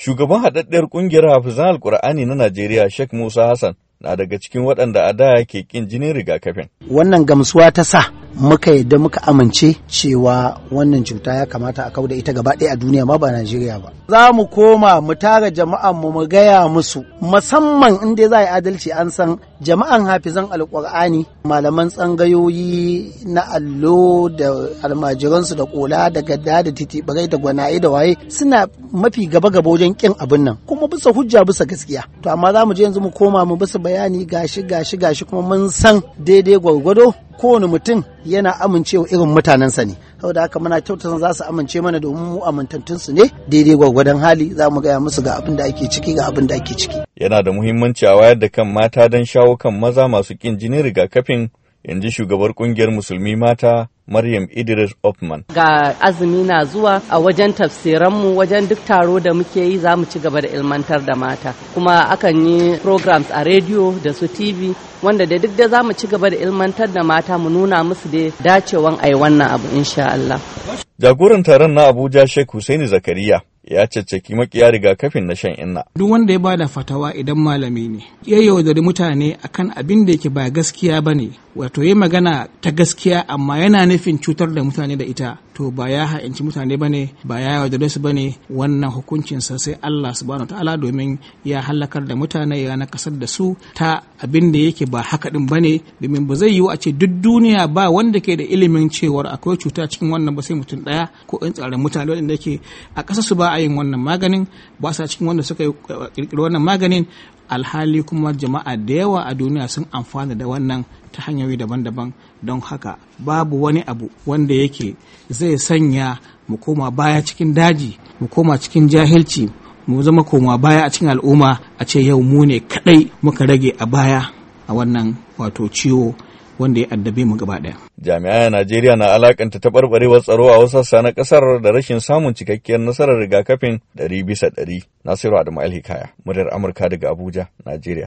Shugaban haɗaɗɗiyar ƙungiyar hafizan Alƙur'ani na Najeriya Sheikh Musa Hassan na daga cikin waɗanda a da yake ƙin jinin rigakafin. Wannan gamsuwa ta sa muka yadda muka amince cewa wannan cuta ya kamata a da ita gaba ɗaya a duniya ma ba Najeriya ba. Za mu koma mu tara jama'an mu mu gaya musu musamman in dai za a yi adalci an san jama'an hafizan alkur'ani malaman tsangayoyi na allo da almajiransu da kola da gadda da titibirai da gwanaye da waye suna mafi gaba gaba wajen kin abin nan kuma bisa hujja bisa gaskiya to amma za mu je yanzu mu koma mu bisa bayani gashi gashi gashi kuma mun san daidai gwargwado kowane mutum yana amincewa irin mutanensa ne sau da haka muna kyautata za su amince mana domin mu amintattun su ne daidai gwargwadon hali za mu gaya musu ga abin da ake ciki ga abin da ake ciki yana da muhimmanci a wayar da kan mata don shawo kan maza masu kin jinin rigakafin in ji shugabar kungiyar musulmi mata Maryam Idris Opman. Ga azumi na zuwa a wajen tafsiranmu wajen duk taro da muke yi za mu ci gaba da ilmantar da mata. Kuma akan yi programs a rediyo da su TV wanda da duk da za mu ci gaba da ilmantar da mata mu nuna musu da dacewan a yi wannan abu insha Allah. Jagoran taron na Abuja Sheikh husaini Zakariya ya caccaki makiya rigakafin na shan inna. Duk wanda ya bada fatawa idan malami ne, ya yaudari mutane akan abin da yake ba gaskiya ba ne, wato ya magana ta gaskiya amma yana nufin cutar da mutane da ita, to ba ya ha'inci mutane ba ne ba ya yaudare su ba ne wannan hukuncinsa sai Allah subhanahu ta'ala domin ya halakar da mutane ya nakasar da su ta abin da yake ba haka din ba ne domin ba zai yi a ce duk duniya ba wanda ke da ilimin cewar akwai cuta cikin wannan ba sai mutum daya ko in tsaron mutane wanda ke a ƙasa su ba a yin wannan maganin ba sa cikin wanda suka ƙirƙiri wannan maganin alhali kuma jama'a da yawa a duniya sun amfana da wannan ta hanyoyi daban-daban don haka babu wani abu wanda yake zai sanya mu koma baya cikin daji mu koma cikin jahilci mu zama koma baya a cikin al'umma a ce yau mu ne kadai muka rage a baya a wannan wato ciwo wanda ya addabe mu gaba ɗaya. Jami'ai a Najeriya na alakanta taɓarɓarewar tsaro a wasu sassa na ƙasar da rashin samun cikakkiyar nasarar rigakafin ɗari bisa ɗari. Nasiru Adamu Alhikaya, muryar Amurka daga Abuja, Najeriya.